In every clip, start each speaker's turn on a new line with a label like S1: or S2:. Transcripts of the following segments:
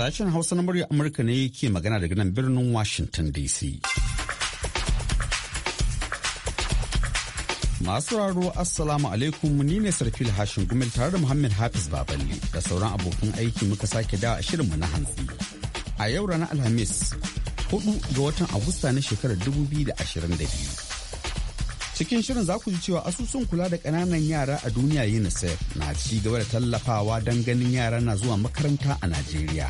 S1: Sashen Hausa na murya Amurka ne ke magana daga nan birnin Washington DC. Masu raro Assalamu alaikum ni ne Sarfil Hashin Gumil tare da Muhammad Hafiz Baballe da sauran abokan aiki muka sake dawa a shirinmu na hantsi. A yau ranar Alhamis, 4 ga watan Agusta na shekarar 2022. Cikin shirin za ku ji cewa asusun kula da ƙananan yara a duniya UNICEF na ci gaba da tallafawa don ganin yara na zuwa makaranta a Najeriya.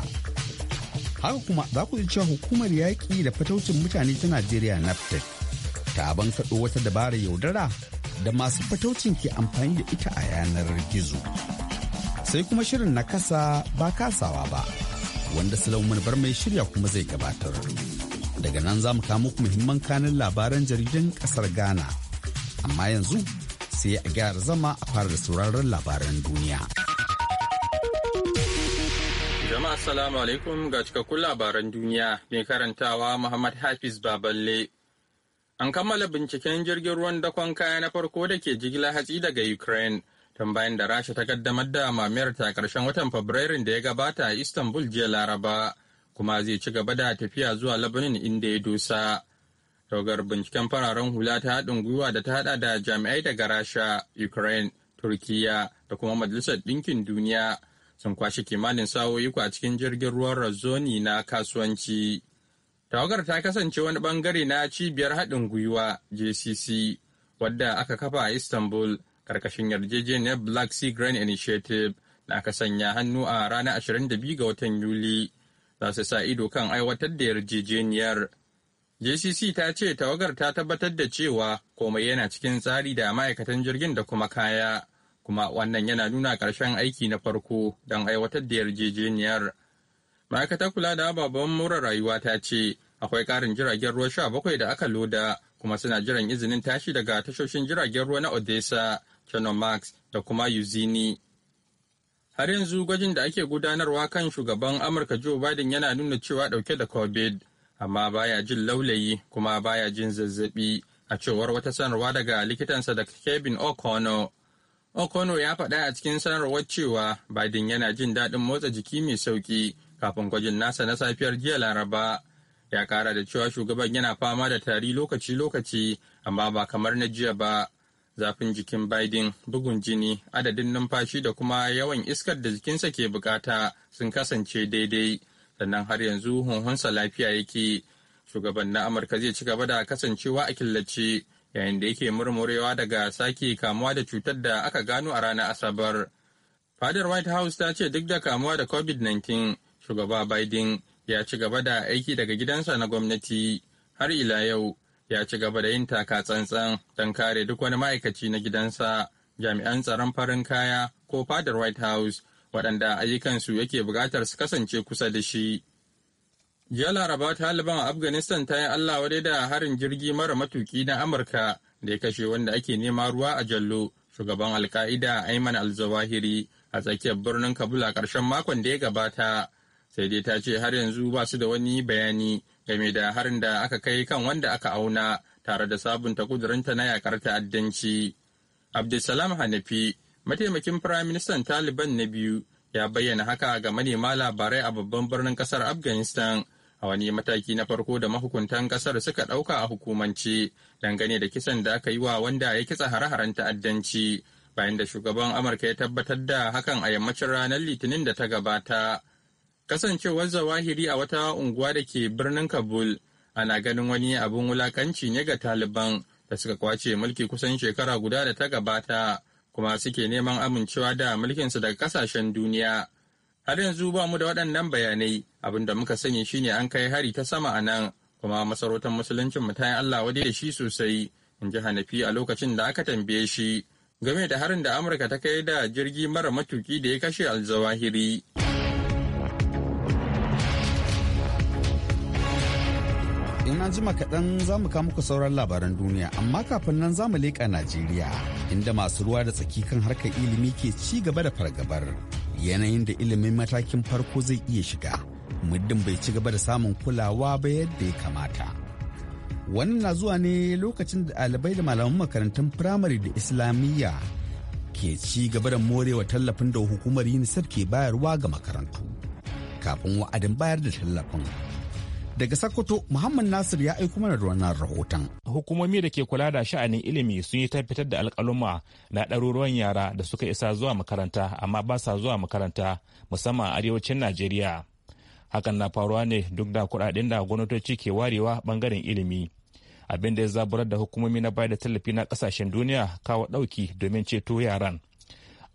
S1: Haka kuma za ku ji cewa hukumar yaƙi da fataucin mutane ta Najeriya na NAFTEC ta bankaɗo wata dabarar yaudara da masu fataucin ke amfani da ita a yanar gizo. Sai kuma shirin na kasa ba kasawa ba, wanda Sulaiman bar mai shirya kuma zai gabatar. Daga nan za mu kawo muhimman kanin labaran jaridan ƙasar Ghana. amma yanzu sai a gyara zama a fara da sauraron labaran duniya.
S2: Jama'a salamu alaikum ga cikakkun labaran duniya mai karantawa Muhammad Hafiz Baballe. An kammala binciken jirgin ruwan dakon kaya na farko da ke jigila hatsi daga Ukraine tun bayan da Rasha ta kaddamar da mamayar ta karshen watan Fabrairun da ya gabata a Istanbul jiya Laraba kuma zai ci gaba da tafiya zuwa labanin inda ya dosa. Tawagar binciken fararen hula ta haɗin gwiwa da ta haɗa da jami'ai daga Rasha, Ukraine, turkiyya da kuma Majalisar Ɗinkin Duniya sun kwashe kimanin sa'o'i a cikin jirgin ruwan Razzoni na kasuwanci. Tawagar ta kasance wani bangare na cibiyar haɗin gwiwa JCC wadda aka kafa a Istanbul karkashin yarjejeniyar Black Sea Grand Initiative da aka sanya hannu a ranar 22 ga watan Yuli. Za su sa ido kan aiwatar da yarjejeniyar jcc ta ce tawagar ta tabbatar da cewa komai yana cikin tsari da ma'aikatan jirgin da kuma kaya kuma wannan yana nuna ƙarshen aiki na farko don aiwatar da yarjejeniyar ma'aikatar kula da ababen mura rayuwa ta ce akwai ƙarin jiragen ruwa sha bakwai da aka loda kuma suna jiran izinin tashi daga tashoshin jiragen ruwa na odessa max da kuma yuzini har yanzu gwajin da ake gudanarwa kan shugaban amurka joe biden yana nuna cewa ɗauke da covid amma baya jin laulayi kuma baya jin zazzabi a cewar wata sanarwa daga likitansa da Kevin okono okono ya faɗa a cikin sanarwar cewa Biden yana jin daɗin motsa jiki mai sauƙi kafin gwajin nasa na safiyar jiya Laraba. Ya ƙara da cewa shugaban yana fama da tari lokaci-lokaci amma ba kamar na jiya ba. Zafin jikin Biden, bugun jini, adadin numfashi da kuma yawan iskar da jikinsa ke bukata sun kasance daidai. sannan har yanzu hunhunsa lafiya yake shugaban na amurka zai ci gaba da kasancewa a killace yayin da yake murmurewa daga sake kamuwa da cutar da aka gano a ranar asabar fadar white house ta ce duk da kamuwa da covid-19 shugaba biden ya ci gaba da aiki daga gidansa na gwamnati har ila yau ya ci gaba da yin taka tsantsan don kare duk wani ma'aikaci na gidansa jami'an tsaron farin kaya ko fadar white house waɗanda ayyukansu yake buƙatar su kasance kusa da shi. Jiya Laraba Taliban a Afghanistan ta yi Allah wadai da harin jirgi mara matuki na Amurka da ya kashe wanda ake nema ruwa a Jallo, shugaban Alka'ida Ayman al-Zawahiri a tsakiyar birnin Kabul a ƙarshen makon da ya gabata. Sai dai ta ce har yanzu ba su da wani bayani game da harin da aka kai kan wanda aka auna tare da sabunta kudurinta na yakar ta'addanci. Abdulsalam Hanafi mataimakin firaministan taliban na biyu ya bayyana haka ga manema labarai a babban birnin kasar afghanistan a wani mataki na farko da mahukuntan kasar suka ɗauka a hukumance dangane da kisan da aka yi wa wanda ya kitsa hare-haren ta'addanci bayan da shugaban amurka ya tabbatar da hakan a yammacin ranar litinin da ta gabata kasancewar zawahiri a wata unguwa da ke birnin kabul ana ganin wani abin wulakanci ne ga taliban da suka kwace mulki kusan shekara guda da ta gabata kuma suke neman amincewa da mulkinsu daga kasashen duniya. Har yanzu ba mu da waɗannan bayanai abin da muka sani shine an kai hari ta sama a nan kuma masarautar musuluncin mu Allah wadai da shi sosai in ji Hanafi a lokacin da aka tambaye shi game da harin da Amurka ta kai da jirgi mara matuki da ya kashe alzawahiri.
S1: In an jima kaɗan za mu kawo muku sauran labaran duniya amma kafin nan za mu leƙa Najeriya. inda masu ruwa da tsaki kan harkar ilimi ke ci gaba da fargabar yanayin da ilimin matakin farko zai iya shiga muddin bai ci gaba da samun kulawa ba yadda ya kamata wannan na zuwa ne lokacin da ɗalibai da malaman makarantun firamare da islamiyya ke ci gaba da morewa tallafin da hukumar unicef ke bayarwa ga makarantu kafin wa'adin bayar da tallafin Daga Sokoto, Muhammad Nasir ya aiko mana da wannan rahoton.
S3: Hukumomi da ke kula da sha'anin ilimi sun yi tabbatar da alƙaluma na ɗaruruwan yara da suka isa zuwa makaranta amma ba sa zuwa makaranta musamman a arewacin Najeriya. Hakan na faruwa ne duk da kuɗaɗen da gwamnatoci ke warewa ɓangaren ilimi. Abin da ya zaburar da hukumomi na bayar da tallafi na ƙasashen duniya kawo ɗauki domin ceto yaran.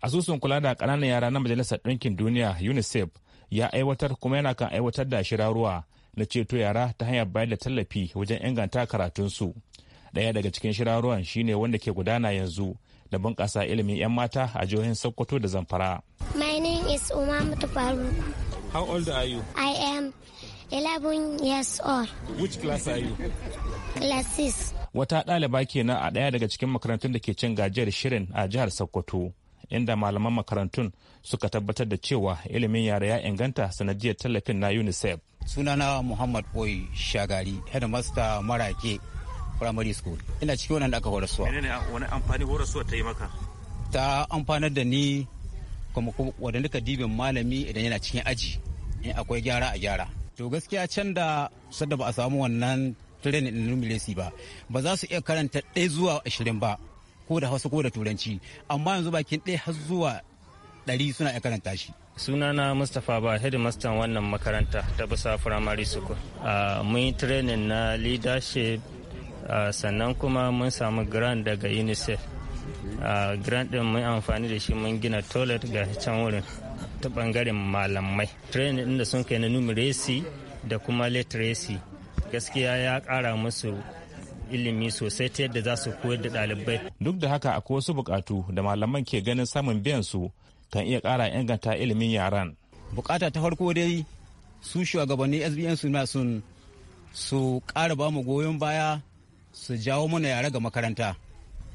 S3: Asusun kula da ƙananan yara na Majalisar Ɗinkin Duniya UNICEF ya aiwatar kuma yana kan aiwatar da shirarwa na ceto yara ta hanyar bayar da tallafi wajen inganta karatunsu ɗaya daga cikin shiraruwan shine wanda ke gudana yanzu da bunƙasa ilimin 'yan mata a jihohin sokoto da zamfara
S4: my name is Umar faruk
S3: how old are you
S4: i am 11 years old
S3: which class are you
S4: class
S3: wata ɗaliba kenan a ɗaya daga cikin makarantun da ke cin gajiyar shirin a jihar sokoto inda malaman makarantun suka tabbatar da cewa ilimin yara ya inganta sanadiyar tallafin na unicef sunana muhammad boy shagari headmaster marake primary school ina cikin wannan da aka horaswa wani amfani horaswa ta yi maka
S5: ta amfanar da ni kuma wadda dibin malami idan yana cikin aji in akwai gyara a gyara to gaskiya can da sadda ba a samu wannan training in numeracy ba ba za su iya karanta ɗaya zuwa ashirin ba ko da hausa ko da turanci amma yanzu bakin ɗaya har zuwa ɗari suna iya karanta shi
S3: sunana mustapha ba headmaster wannan makaranta ta bisa firamare suku ah, mun yi training na leadership ah, sannan kuma mun samu grant daga unicef ah, grant din mun amfani da shi mun gina toilet ga can wurin ta bangaren malamai training din da sun kai na numeracy da kuma literacy gaskiya ya kara musu ilimi sosai ta yadda za su koyar da ɗalibai. Duk da haka akwai wasu buƙatu da malaman ke ganin samun biyan su kan iya ƙara inganta ilimin yaran. Bukata ta farko dai su shugabanni SBN suna sun su ƙara
S5: ba mu goyon baya su jawo mana yara ga makaranta.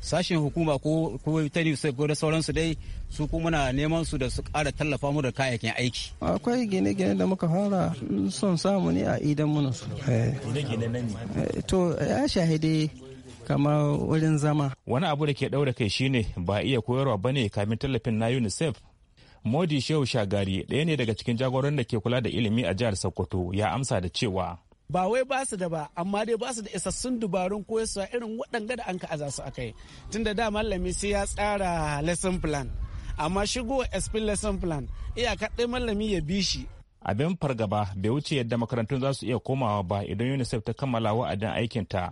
S5: sashen hukuma ko ko ta ko da sauransu dai su kuma muna neman su da su kara tallafa mu da kayayyakin aiki akwai gine-gine da muka fara son samu ne a idan mun su eh.
S3: eh,
S6: to ya shahide kamar wurin zama
S3: wani abu da ke daura kai shine ba iya koyarwa bane kamin tallafin na unicef modi shehu shagari ɗaya ne daga cikin jagoran da ke kula da ilimi a jihar sokoto ya amsa da cewa
S6: ba wai ba su da ba amma dai ba su da isassun dubarun koyarwa irin waɗanga da an ka aza su akai tunda da mallami sai ya tsara lesson plan amma shigo explain lesson plan iyaka ɗai malami ya bi shi
S3: abin fargaba bai wuce yadda makarantun za su iya komawa ba idan unicef ta kammala wa'adin ta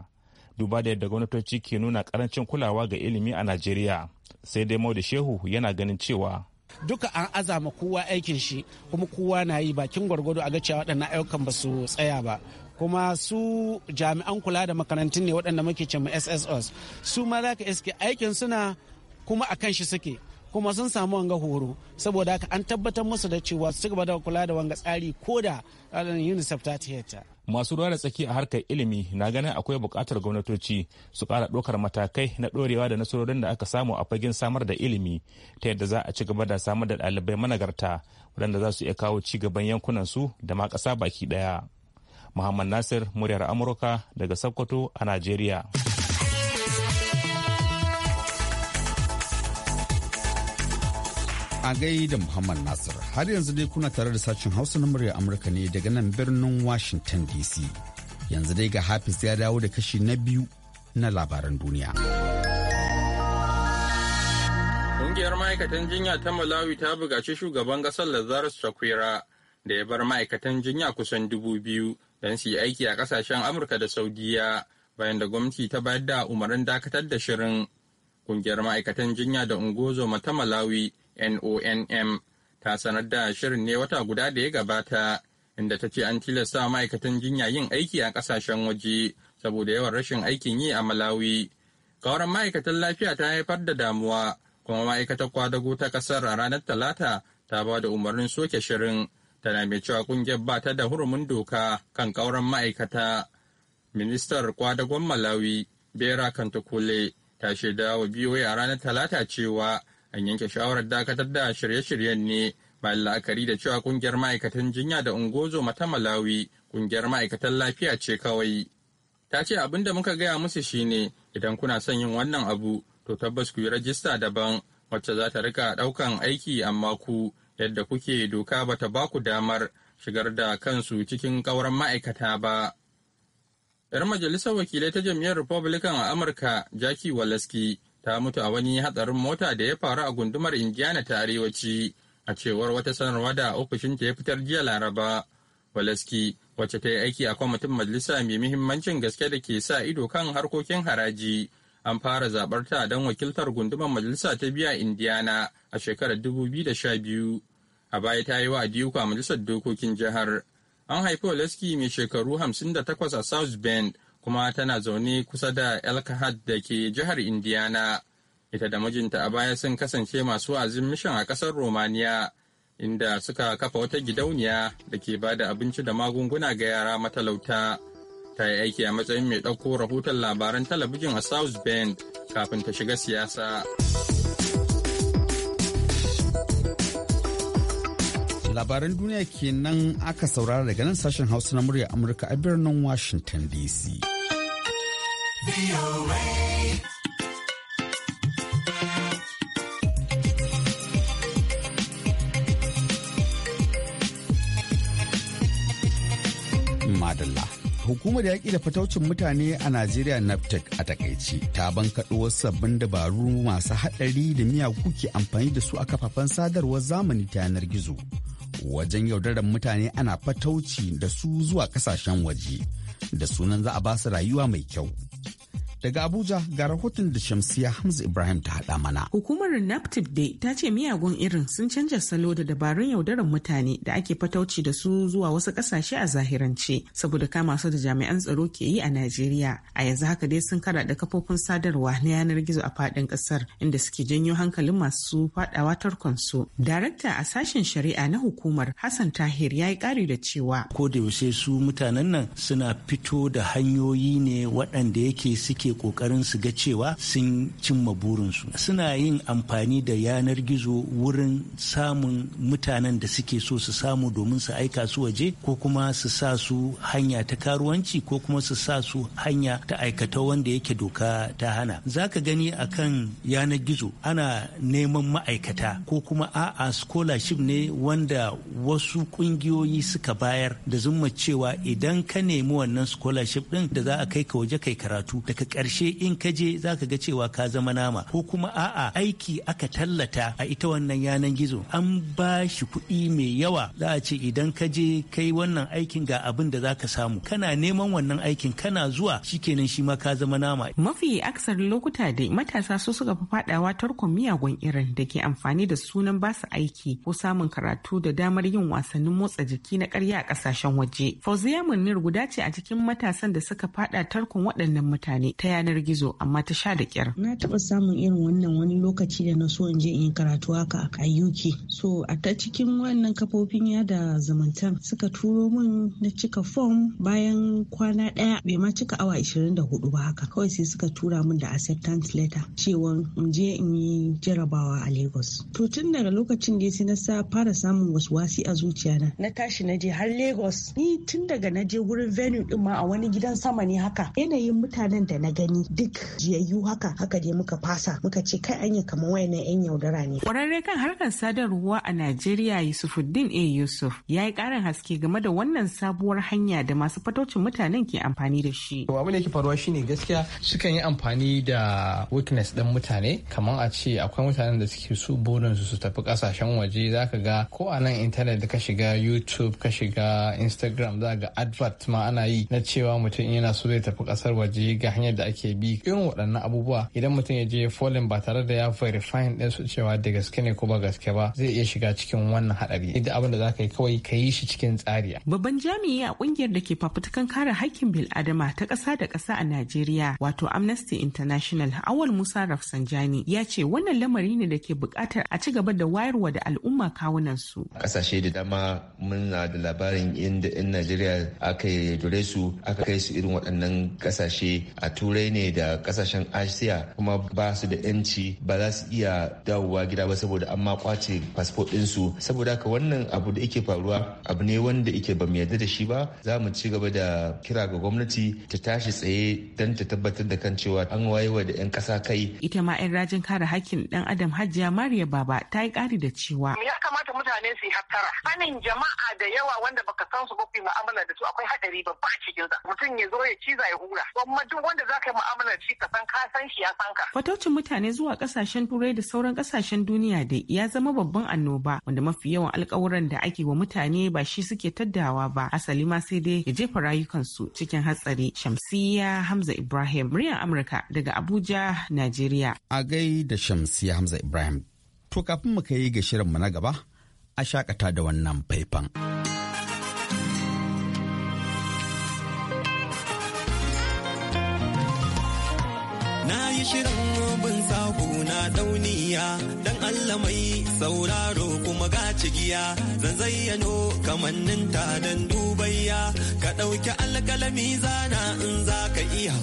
S3: duba da yadda gwamnatoci ke nuna karancin kulawa ga ilimi a najeriya sai dai da shehu yana ganin cewa
S6: duka an azama kowa aikin shi kuma kowa na yi bakin gwargwado a ga cewa waɗannan ayyukan ba su tsaya ba kuma su jami'an kula da makarantun ne waɗanda muke ce mu ssos su ma za ka iske aikin suna kuma a kan shi suke kuma sun samu wanga horo saboda haka an tabbatar musu da cewa su gaba da kula da wanga tsari ko da unicef ta tiyata
S3: masu ruwa da tsaki a harkar ilimi na ganin akwai bukatar gwamnatoci su ƙara ɗaukar matakai na ɗorewa da nasarorin da aka samu a fagen samar da ilimi ta yadda za a ci gaba da samar da ɗalibai managarta waɗanda za su iya kawo ci gaban yankunan su da ma ƙasa baki ɗaya. Muhammad Nasir muryar Amurka daga Sokoto a Najeriya.
S1: A gaida Muhammad Nasir, har yanzu dai kuna tare da sashen Hausa na muryar Amurka ne daga nan birnin Washington DC. Yanzu dai ga Hafiz ya dawo da kashi na biyu na labaran duniya.
S2: Ƙungiyar ma'aikatan jinya ta Malawi ta bukaci shugaban ƙasar Lazarus Chakwera da ya bar ma'aikatan jinya kusan dubu biyu don su yi aiki a kasashen Amurka da Saudiya bayan da gwamnati ta bayar da umarnin dakatar da shirin. Kungiyar ma'aikatan jinya da ungozoma ta Malawi NONM ta sanar da shirin ne wata guda da ya gabata inda ta ce an tilasta ma'aikatan jinya yin aiki a kasashen waje saboda yawan rashin aikin yi a Malawi. Kawaran ma'aikatan lafiya ta haifar da damuwa kuma ma'aikatar kwadago ta kasar a ranar Talata ta ba da umarnin soke shirin tana mai cewa kungiyar ba ta da hurumin doka kan kauran ma'aikata ministar kwadagon malawi bera kantakule ta shaida wa biyoyi a ranar talata cewa an yanke shawarar dakatar da shirye-shiryen ne bayan la'akari da cewa kungiyar ma'aikatan jinya da ungozo mata malawi kungiyar ma'aikatan lafiya ce kawai ta ce abin da muka gaya musu shine idan kuna son yin wannan abu to tabbas ku yi rajista daban wacce za ta rika ɗaukan aiki amma ku yadda kuke doka ba ta ba ku damar shigar da kansu cikin ƙauran ma'aikata ba. 'Yar majalisar wakilai ta jam'iyyar Republican a Amurka, Jackie Walaski, ta mutu a wani hatsarin mota da ya faru a gundumar Indiana ta arewaci, a cewar wata sanarwa da ofishinta ya fitar jiya Laraba. Walaski, wacce ta yi aiki a kwamitin majalisa mai muhimmancin gaske da ke sa ido kan harkokin haraji, an fara zaɓar ta don wakiltar gundumar majalisa ta biya Indiana a shekarar 2012. a baya ta yi wa adiyuka a majalisar dokokin jihar an haifi Oleski mai shekaru 58 a South Bend kuma tana zaune kusa da Elkhart da ke jihar Indiana. Ita da mijinta a baya sun kasance masu wa'azin mishan a kasar Romania, inda suka kafa wata gidauniya da ke ba da abinci da magunguna ga yara matalauta. Ta yi aiki a matsayin mai ɗauko rahoton labaran talabijin a South Bend kafin ta shiga siyasa.
S1: Labaran duniya kenan aka saurara daga nan sashen Hausa na murya Amurka a birnin Washington DC. Madalla. Hukumar yaƙi da fataucin mutane a Najeriya NAPTEC a takaici ta bankaɗo wasu sabbin dabaru masu haɗari da miyagu ke amfani da su a kafafen sadarwar zamani ta yanar gizo. wajen yaudarar mutane ana fatauci da su zuwa kasashen waje da sunan za a ba su rayuwa mai kyau Daga Abuja ga rahoton da Shamsiya Hamza Ibrahim ta haɗa mana.
S7: Hukumar NAPTIP Day ta ce miyagun irin sun canja salo da dabarun yaudarar mutane da ake fatauci da su zuwa wasu ƙasashe a zahirance saboda kama su da jami'an tsaro ke yi a Najeriya. A yanzu haka dai sun kara da kafofin sadarwa na yanar gizo a faɗin ƙasar inda suke janyo hankalin masu faɗawa su. Darakta a sashen shari'a na hukumar Hassan
S6: Tahir ya yi ƙari da cewa. Ko da yaushe su mutanen nan suna fito da hanyoyi ne waɗanda yake suke suke kokarin su ga cewa sun cimma burinsu suna yin amfani da yanar gizo wurin samun mutanen da suke so su samu domin su aika su waje ko kuma su sa su hanya ta karuwanci ko kuma su sa su hanya ta aikata wanda yake doka ta hana zaka ka gani akan yanar gizo ana neman ma'aikata ko kuma a'a scholarship ne wanda wasu kungiyoyi suka bayar da zumma cewa idan ka nemi wannan scholarship din da za a kai ka waje kai karatu da daga ƙarshe in ka je za ka ga cewa ka zama nama ko kuma a'a aiki aka tallata a ita wannan yanan gizo an ba shi kuɗi mai yawa za a ce idan ka je kai wannan aikin ga abin da za ka samu kana neman wannan aikin kana zuwa shikenan shi ma ka zama nama. Mafi aksarin lokuta da matasa su suka fi fadawa tarkon
S7: miyagun irin da ke amfani da sunan ba su aiki ko samun karatu da damar yin wasannin motsa jiki na karya a kasashen waje. Fauziya Munir guda ce a cikin matasan da suka fada tarkon waɗannan mutane ta yanar gizo amma ta sha da kyar. Na taɓa samun irin wannan wani lokaci da na so in je in yi karatu haka a UK. So a ta cikin wannan kafofin yada zumunta suka turo min na cika fom bayan kwana ɗaya bai ma cika awa 24 ba haka kawai sai suka tura min da acceptance letter cewa in je in yi jarabawa a Lagos. To tun daga lokacin da sai na sa fara samun wasu wasi a zuciya na. Na tashi na je har Lagos. Ni tun daga na je wurin venue din ma a wani gidan sama ne haka. Yanayin mutanen da na gani duk jiyayyu haka haka dai muka fasa muka ce kai anya kamar wayannan yan yaudara ne kwararre kan harkar sadarwa a Najeriya Yusufuddin A Yusuf ya yi karin haske game da wannan sabuwar hanya da masu fatocin mutanen ke amfani da shi to abin
S2: da yake faruwa shine gaskiya sukan yi amfani da weakness din mutane kamar a ce akwai mutanen da suke su burin su su tafi kasashen waje zaka ga ko a nan intanet ka shiga YouTube ka shiga Instagram za ga advert ma ana yi na cewa mutum yana so zai tafi kasar waje ga hanyar da ake bi irin waɗannan abubuwa idan mutum ya je folin ba tare da ya verifying ɗin su cewa da gaske ne ko ba gaske ba zai iya shiga cikin wannan haɗari idan abin da za ka yi kawai ka yi shi cikin tsariya.
S7: Babban jami'i a ƙungiyar da ke fafutukan kare haƙƙin bil'adama ta ƙasa da ƙasa a Najeriya wato Amnesty International Awal Musa Rafsanjani ya ce wannan lamari ne da ke buƙatar a ci gaba da wayarwa da al'umma kawunan su.
S1: Ƙasashe da dama muna da labarin inda 'yan Najeriya aka yi su aka kai su irin waɗannan ƙasashe a turai turai ne da kasashen asiya kuma ba su da yanci ba za su iya
S3: dawowa gida ba saboda an ma kwace fasfo ɗinsu saboda haka wannan abu da yake faruwa abu ne wanda yake ba yarda da shi ba za mu ci gaba da kira ga gwamnati ta tashi
S1: tsaye don ta tabbatar da kan cewa an wayewa da 'yan kasa kai
S7: ita ma 'yan rajin kare hakkin ɗan adam hajiya mariya baba ta yi ƙari da cewa
S8: ya kamata mutane su yi hattara sanin jama'a da yawa wanda baka san su ba ku mu'amala da su akwai haɗari babba a cikin mutum ya zo ya ciza ya hura kuma duk wanda zaka kake mu'amalar shi ka san ka san shi ya san ka.
S7: Fatocin mutane zuwa kasashen turai da sauran kasashen duniya dai ya zama babban annoba wanda mafi yawan alkawuran da ake wa mutane ba shi suke taddawa ba asali ma sai dai ya jefa rayukansu cikin hatsari. Shamsiya Hamza Ibrahim muryar Amurka daga Abuja, Najeriya.
S1: A gai da Shamsiya Hamza Ibrahim. To kafin mu kai ga shirinmu na gaba a shakata da wannan faifan.
S8: shirin bin sako na dauniya dan Allah mai sauraro kuma ga cigiya zan zayyano kamannin ta dan dubayya ka ɗauki alkalami zana in zaka iya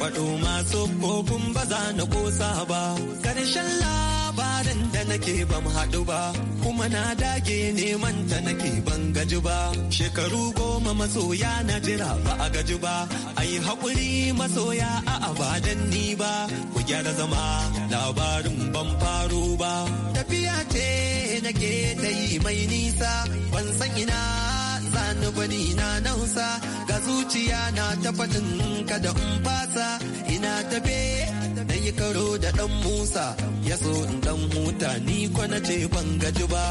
S8: faɗo masu kogun ba za na kosa ba ƙarshen labarin da nake ban haɗu ba kuma na dage neman ta nake ban gaji ba shekaru goma masoya na jira ba a gaji ba yi haƙuri masoya a abadan ni ba ku gyara zama labarin ban faru ba tafiya ce nake ta yi mai nisa ban san ina ni na nausa ga zuciya na ta faɗin kada in fasa ina tafe na yi karo da ɗan musa ya so in ɗan huta ni kwana ce ban gaji ba.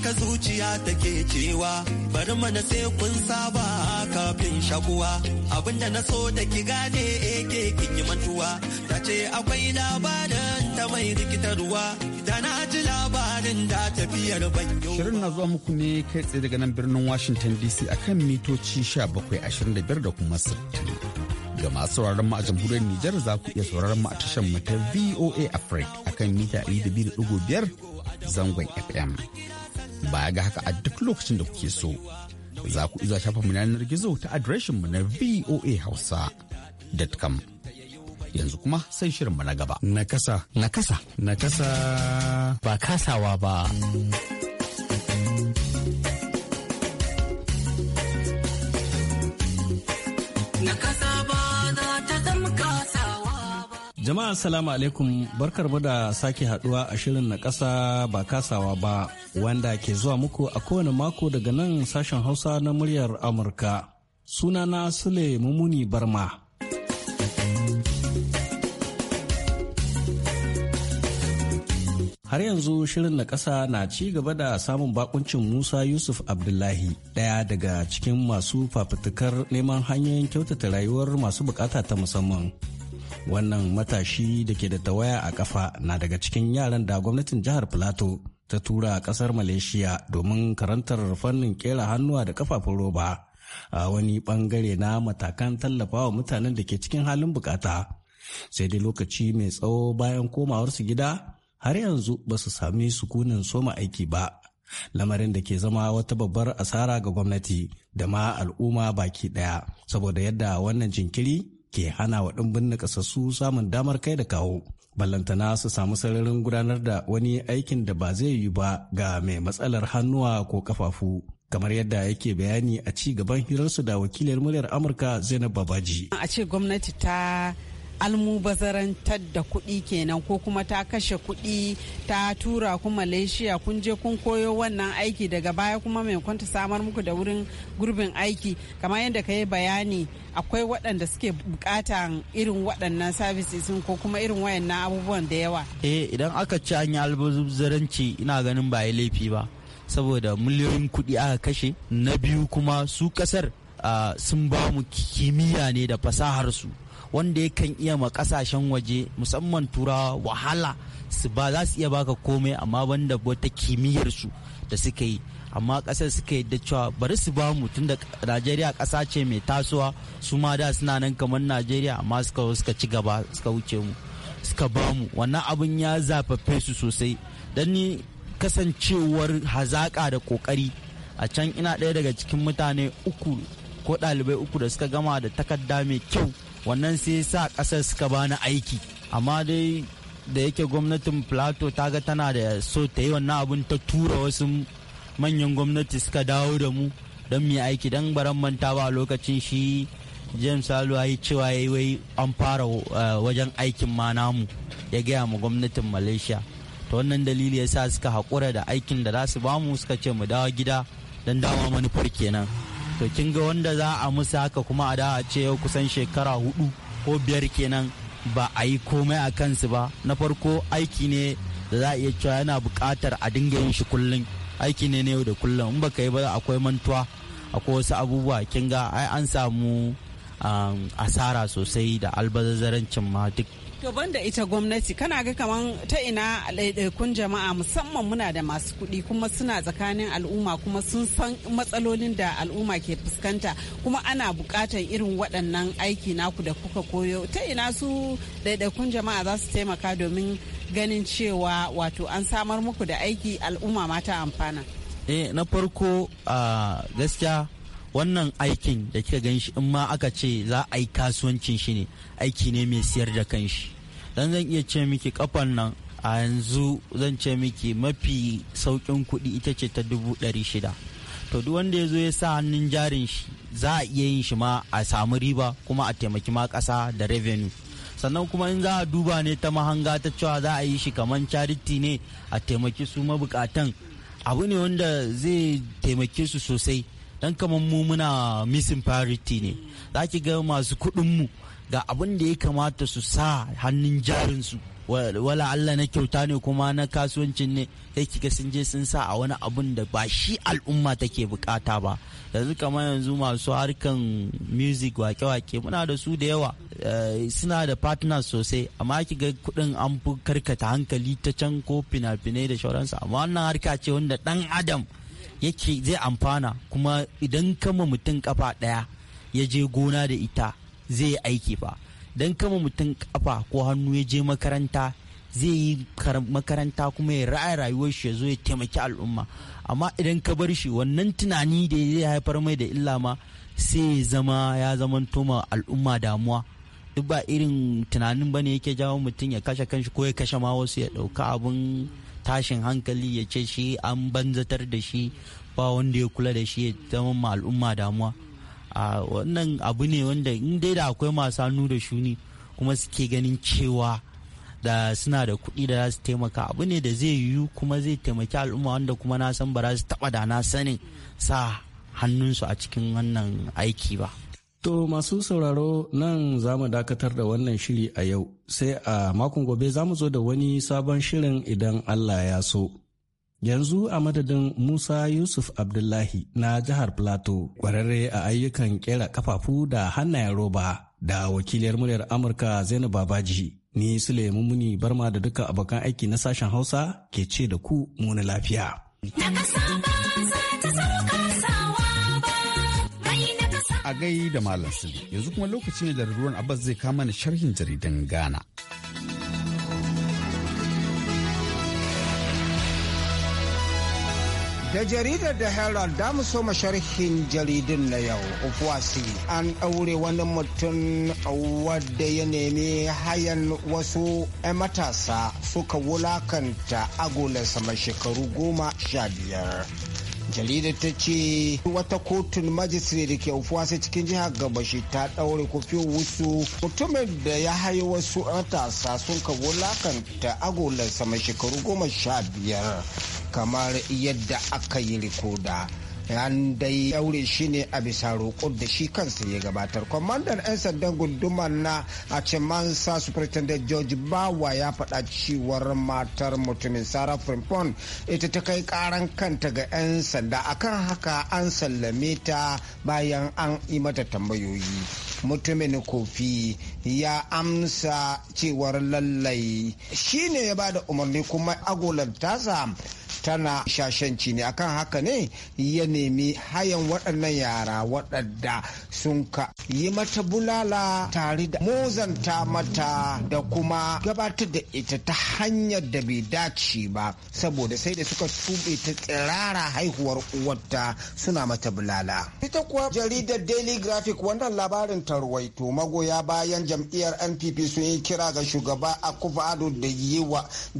S8: haka zuciya take cewa bari mana sai kun saba kafin shakuwa abinda na so da ki gane ake yi mantuwa ta ce akwai labarin ta mai rikitarwa da na ji labarin da tafiyar banyo
S1: shirin na zuwa muku ne kai tsaye daga nan birnin washington dc akan mitoci 1725 da kuma 60 ga masu sauraron mu a jamhuriyar Nijar za ku iya sauraron mu a tashar mu ta VOA Africa akan mita 200.5 zangon FM. Baya ga haka a duk lokacin da kuke so, za ku iza shafa mu yanar gizo ta adireshin mu na voahausa.com. Yanzu kuma sai shirin mu na gaba. kasa. Na kasa. Ba kasawa ba.
S6: Jama'a salamu alaikum barkar mu da sake haduwa a shirin na kasa ba kasawa ba wanda ke zuwa muku a kowane mako daga nan sashen hausa na muryar Amurka. Sunana Sule Mumuni Barma. Har yanzu shirin na ƙasa na ci gaba da samun bakuncin Musa Yusuf Abdullahi ɗaya daga cikin masu fafutukar neman hanyoyin kyautata rayuwar masu bukata ta musamman. wannan matashi da ke da tawaya a kafa na daga cikin yaran da gwamnatin jihar plateau ta tura kasar malaysia domin karantar fannin kera hannuwa da kafafun roba a wani bangare na matakan tallafawa mutanen da ke cikin halin bukata sai dai lokaci mai tsawo bayan komawarsu gida har yanzu ba su sami sukunin soma aiki ba lamarin da ke zama wata babbar asara ga gwamnati da ma al'umma baki daya saboda yadda wannan jinkiri ke hana wa ɗumbin nakasassu samun damar kai da kawo ballantana su samu sararin gudanar da wani aikin da ba zai yi ba ga mai matsalar hannuwa ko kafafu kamar yadda yake bayani a ci gaban hirarsu da wakiliyar muryar amurka zainab babaji
S7: a ce gwamnati ta almubazarantar da kuɗi kenan ko kuma ta kashe kuɗi ta tura ku malaysia kun je kun koyo wannan aiki daga baya kuma mai kwanta samar muku da wurin gurbin aiki kamar yadda ka yi bayani akwai waɗanda suke bukata irin waɗannan services ko kuma irin wayannan abubuwan da yawa
S5: eh idan aka ci an yi albazaranci ina ganin ba ya laifi ba saboda miliyoyin kuɗi aka kashe na biyu kuma su ƙasar ah, sun ba mu kimiyya ne da fasaharsu. wanda yakan iya ma kasashen waje musamman turawa wahala su ba za su iya baka komai amma banda wata kimiyyar su da suka yi amma kasar suka da cewa bari su ba mu tunda najeriya kasa ce mai tasowa su ma da suna nan kamar najeriya amma suka suka ci gaba suka wuce mu suka ba mu wannan abin ya zafafe su sosai dan ni kasancewar hazaƙa da ƙoƙari a can ina ɗaya daga cikin mutane uku akwai ɗalibai uku da suka gama da takarda mai kyau wannan sai ya sa ƙasar suka bani aiki amma dai da yake gwamnatin plato ta ga tana da so ta yi wannan abin ta tura wasu manyan gwamnati suka dawo da mu don mu aiki don baran manta ba lokacin shi james salu ya yi cewa ya wai an fara eh, wajen aikin ma namu ya gaya mu gwamnatin malaysia ta wannan dalili ya sa suka haƙura da aikin da za su bamu suka ce mu dawo gida don dama manufar kenan to kin ga wanda za a musu haka kuma a da a ce kusan shekara hudu ko biyar kenan ba a yi komai a kansu ba na farko aiki ne da za a iya cewa yana bukatar a dinga yin shi kullum aiki ne na yau da kullum in baka yi ba akwai mantuwa akwai wasu abubuwa kin ga ai an samu um, asara sosai da albazazzarancin ma duk
S7: To banda ita gwamnati kana ga kaman ta ina ɗaiɗaikun jama'a musamman muna da masu kuɗi kuma suna tsakanin al'umma kuma sun san matsalolin da al'umma ke fuskanta kuma ana buƙatar irin waɗannan aiki naku da kuka koyo ta ina su ɗaiɗaikun jama'a za su taimaka domin ganin cewa wato an samar muku da aiki al'umma ma ta amfana.
S5: Eh na farko a ah, gaskiya wannan aikin da kika gan shi in ma aka ce za a yi kasuwancin shi ne aiki ne mai siyar da kanshi dan zan iya ce miki kafan nan a yanzu zan ce miki mafi saukin kuɗi ita ce ta dubu ɗari shida to duk wanda ya zo ya sa hannun jarin shi za a iya yin shi ma a samu riba kuma a taimaki ma ƙasa da revenue sannan kuma in za a duba ne ta mahanga ta cewa za a yi shi kamar charity ne a taimaki su mabukatan abu ne wanda zai taimake su sosai don kamar mu muna missing parity ne za ki ga masu mu ga abin da ya kamata su sa hannun jarinsu wala Allah na kyauta ne kuma na kasuwancin ne sai kika sun je sun sa a wani abun da ba shi al'umma take bukata ba yanzu kamar yanzu masu harkan music wake-wake muna da su da yawa eh, suna da partners sosai amma ki ga kudin an fi karkata hankali ta can ko fina-finai da shauransu amma wannan harka ce wanda dan adam yake zai amfana kuma idan kama mutum kafa ɗaya ya je gona da ita zai aiki fa idan kama mutum kafa ko hannu ya je makaranta zai yi makaranta kuma ya ra'ayi rayuwar shi ya zo ya taimaki al'umma amma idan ka bar shi wannan tunani da zai haifar mai da illa ma sai ya zama ya zama toma al'umma damuwa duk ba irin tunanin bane yake jawo mutum ya kashe kanshi ko ya kashe ma wasu ya ɗauka abun. tashin hankali ya ce shi an banzatar da shi ba wanda ya kula da shi ya zama ma al'umma damuwa a wannan abu ne wanda in dai da akwai masu hannu da shuni kuma suke ganin cewa da suna da kuɗi da za su taimaka abu ne da zai yiwu kuma zai taimaki al'umma wanda kuma na san ba za su taɓa da na sanin sa hannunsu a cikin wannan aiki ba
S6: To masu sauraro nan za mu dakatar da wannan shiri a yau, sai a makon gobe za mu zo da wani sabon shirin idan Allah ya so. Yanzu a madadin Musa Yusuf Abdullahi na jihar Plato, kwararre a ayyukan kera kafafu da hannayen roba da wakiliyar muryar Amurka Zainab Babaji, ni Sule Mummuni Barma da duka abokan aiki na sashen Hausa ke ce da ku muni lafiya.
S8: Daga sama ta sauka
S1: a gai da Malam Sule. Yanzu kuma lokaci ne da ruwan Abbas zai kama na sharhin jaridan Ghana.
S4: Da jaridar da Herald da mu soma sharhin jaridun na yau, Ufuwasi, an ɗaure wani mutum wadda ya nemi hayan wasu 'yan matasa suka wulakanta agolansa mai shekaru goma sha biyar. jaridar ta ce wata kotun majistare da ke ufuwasa cikin jihar gabashi ta ɗaure kofi wusu mutumin da ya haye wasu matasa sun kabo lakanta agolar mai shekaru goma sha biyar kamar yadda aka yi rikoda an dai daure shi ne a bisa roƙon da shi kansa ya gabatar kwamandan 'yan sandan gundumar na a cimansa superintendent george bawa ya faɗa cewar matar mutumin sarah frimpon ita ta kai karan kanta ga 'yan sanda akan haka an sallame ta bayan an yi mata tambayoyi mutumin kofi ya amsa cewar lallai shi ne ya ba da umarni kuma agolar tasa tana shashanci ne akan haka ne ya nemi hayan waɗannan yara waɗanda sun ka yi mata bulala tare da muzanta mata da kuma gabatar da ita ta hanyar da bai dace ba saboda sai da suka tube ta tsirara haihuwar uwarta suna mata bulala ita kuwa jaridar daily graphic wannan labarin tarwaito magoya bayan jam'iyyar npp sun yi kira ga shugaba a akufa ado da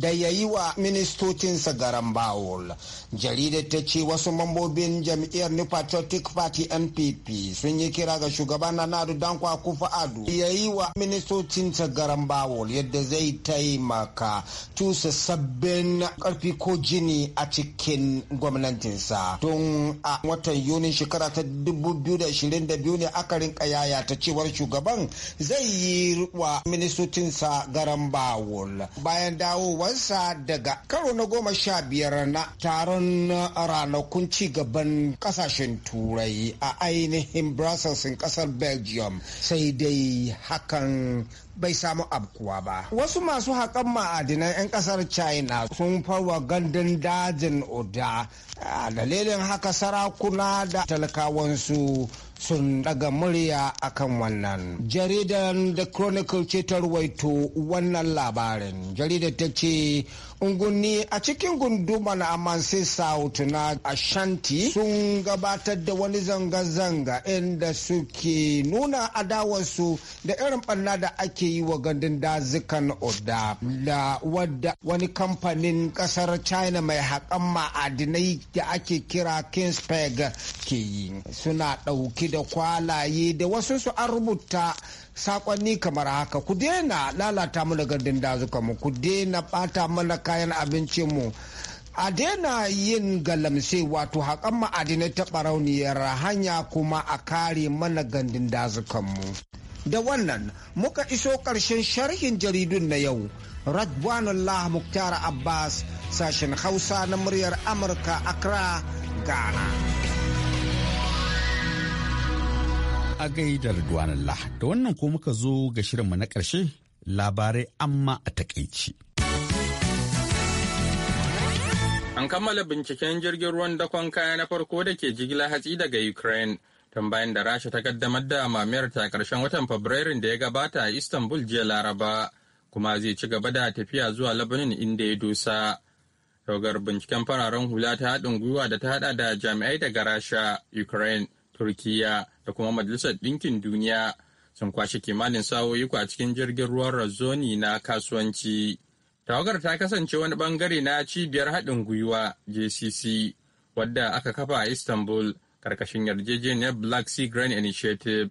S4: yi wa ministocinsa garamba Awol. Jaridar ta ce wasu mambobin jam'iyyar New Patriotic Party NPP sun yi kira ga shugaban Nanadu Dankwa Kufa Ado ya yi wa ministocin garan Bawol yadda zai taimaka tusa sabbin karfi ko jini a cikin gwamnatinsa. Tun a watan Yunin shekara ta 2022 ne aka rinka yaya ta cewar shugaban zai yi wa ministocinsa garan Bawol. Bayan dawowarsa daga karo na goma sha biyar taron ranakun ci gaban kasashen turai a ainihin brussels in kasar belgium sai dai hakan bai samu abkuwa ba. Wasu masu haƙan ma'adinan 'yan ƙasar China sun farwa gandun dajin Oda. A dalilin haka sarakuna da talakawansu sun daga murya akan wannan. Jaridan The Chronicle ce ta ruwaito wannan labarin. Jaridar ta ce unguni a cikin gunduma na amansi sautu na ashanti sun gabatar da wani zanga-zanga inda suke nuna adawarsu da irin barna da ake yi wa gandun dazukan oda da wadda wani kamfanin kasar china mai haƙan ma'adinai da ake kira kingsburg ke yi suna ɗauki da kwalaye da wasu su an rubuta sakonni kamar haka ku daina lalata mana gardin dazukanmu ku daina bata mana kayan abincin mu a daina yin galamse wato haƙan ma'adinai ta ɓarauniyar hanya kuma a kare mana gandun dazukanmu da wannan muka iso ƙarshen sharhin jaridun na yau radwanullah muktar abbas sashen hausa na muryar amurka accra ghana a
S1: gaidar Duwanalla. Da wannan ko muka zo ga shirinmu na ƙarshe labarai amma a takaici.
S2: An kammala binciken jirgin ruwan dakon kaya na farko da ke jigila hatsi daga Ukraine. tun bayan da rasha ta kaddamar da mamayar ta karshen watan fabrairun da ya gabata a istanbul jiya laraba kuma zai ci gaba da tafiya zuwa labanin inda ya dosa Rogar binciken fararen hula ta haɗin gwiwa da ta haɗa da jami'ai daga rasha ukraine turkiya da kuma majalisar ɗinkin duniya sun kwashe kimanin sa'o'i a cikin jirgin ruwan razoni na kasuwanci tawagar ta kasance wani bangare na cibiyar haɗin gwiwa jcc wadda aka kafa a istanbul karkashin yarjejeniyar black sea grand initiative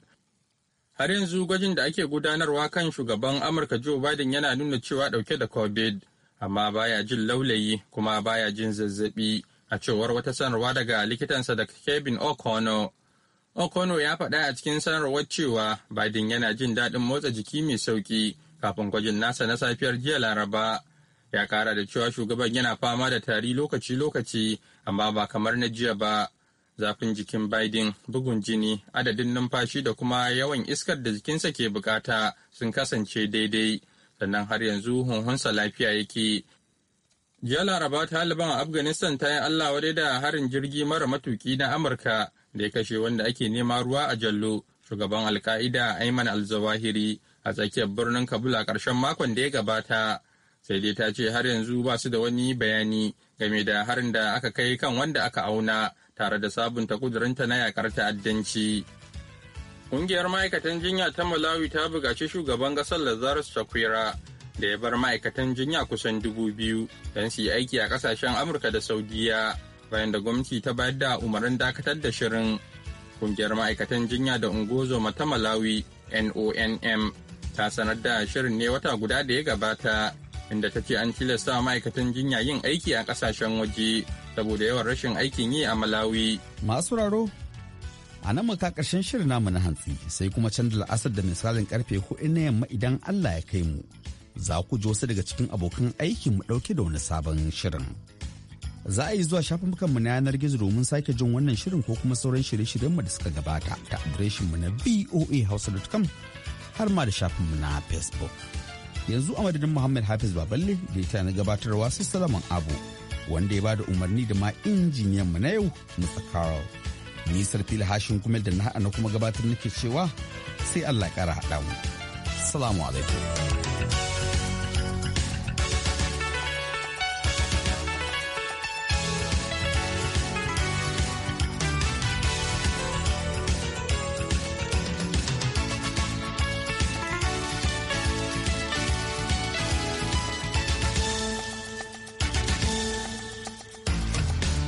S2: har yanzu gwajin da ake gudanarwa kan shugaban amurka joe biden yana nuna cewa dauke da covid amma baya jin laulayi kuma baya jin zazzabi a cewar wata sanarwa daga likitansa da kevin o'connor Okono ya faɗa a cikin sanarwar cewa Biden yana jin daɗin motsa jiki mai sauki kafin gwajin nasa na safiyar jiya Laraba. Ya kara da cewa shugaban yana fama da tari lokaci-lokaci amma ba kamar na jiya ba. Zafin jikin Biden, bugun jini, adadin numfashi da kuma yawan iskar da jikinsa ke bukata sun kasance daidai. Sannan har yanzu hunhunsa lafiya yake. Jiya Laraba Taliban a Afghanistan ta yi Allah wadai da harin jirgi mara matuki na Amurka da ya kashe wanda ake nema ruwa a jallo shugaban alka'ida ayman al-zawahiri a tsakiyar birnin kabul a ƙarshen makon da ya gabata sai dai ta ce har yanzu ba su da wani bayani game da harin da aka kai kan wanda aka auna tare da sabunta kudurinta na yakar ta'addanci ƙungiyar ma'aikatan jinya ta malawi ta bugaci shugaban ƙasar lazarus shakwira da ya bar ma'aikatan jinya kusan dubu biyu don su yi aiki a ƙasashen amurka da saudiya bayan da gwamnati ta bayar da umarnin dakatar da shirin kungiyar ma'aikatan jinya da ungozoma ta malawi nonm ta sanar da shirin ne wata guda da ya gabata inda ta ce an tilasta ma'aikatan jinya yin aiki a kasashen waje saboda yawan rashin aikin yi a malawi
S1: masu raro a nan muka karshen shirin namu na hantsi sai kuma canza la'asar da misalin karfe hudu na yamma idan allah ya kai mu za ku ji wasu daga cikin abokan aikin mu dauke da wani sabon shirin. za a yi zuwa shafin mu na yanar gizo domin sake jin wannan shirin ko kuma sauran shirye mu da suka gabata ta mu na voahausa.com har ma da shafin mu na facebook yanzu a madadin muhammad hafiz baballe da ita na gabatarwa su salaman abu wanda ya bada umarni da ma injiniyan mu na yau musa carol nisar fili hashin kumel da na haɗa na kuma gabatar nake cewa sai allah ƙara haɗa mu salamu alaikum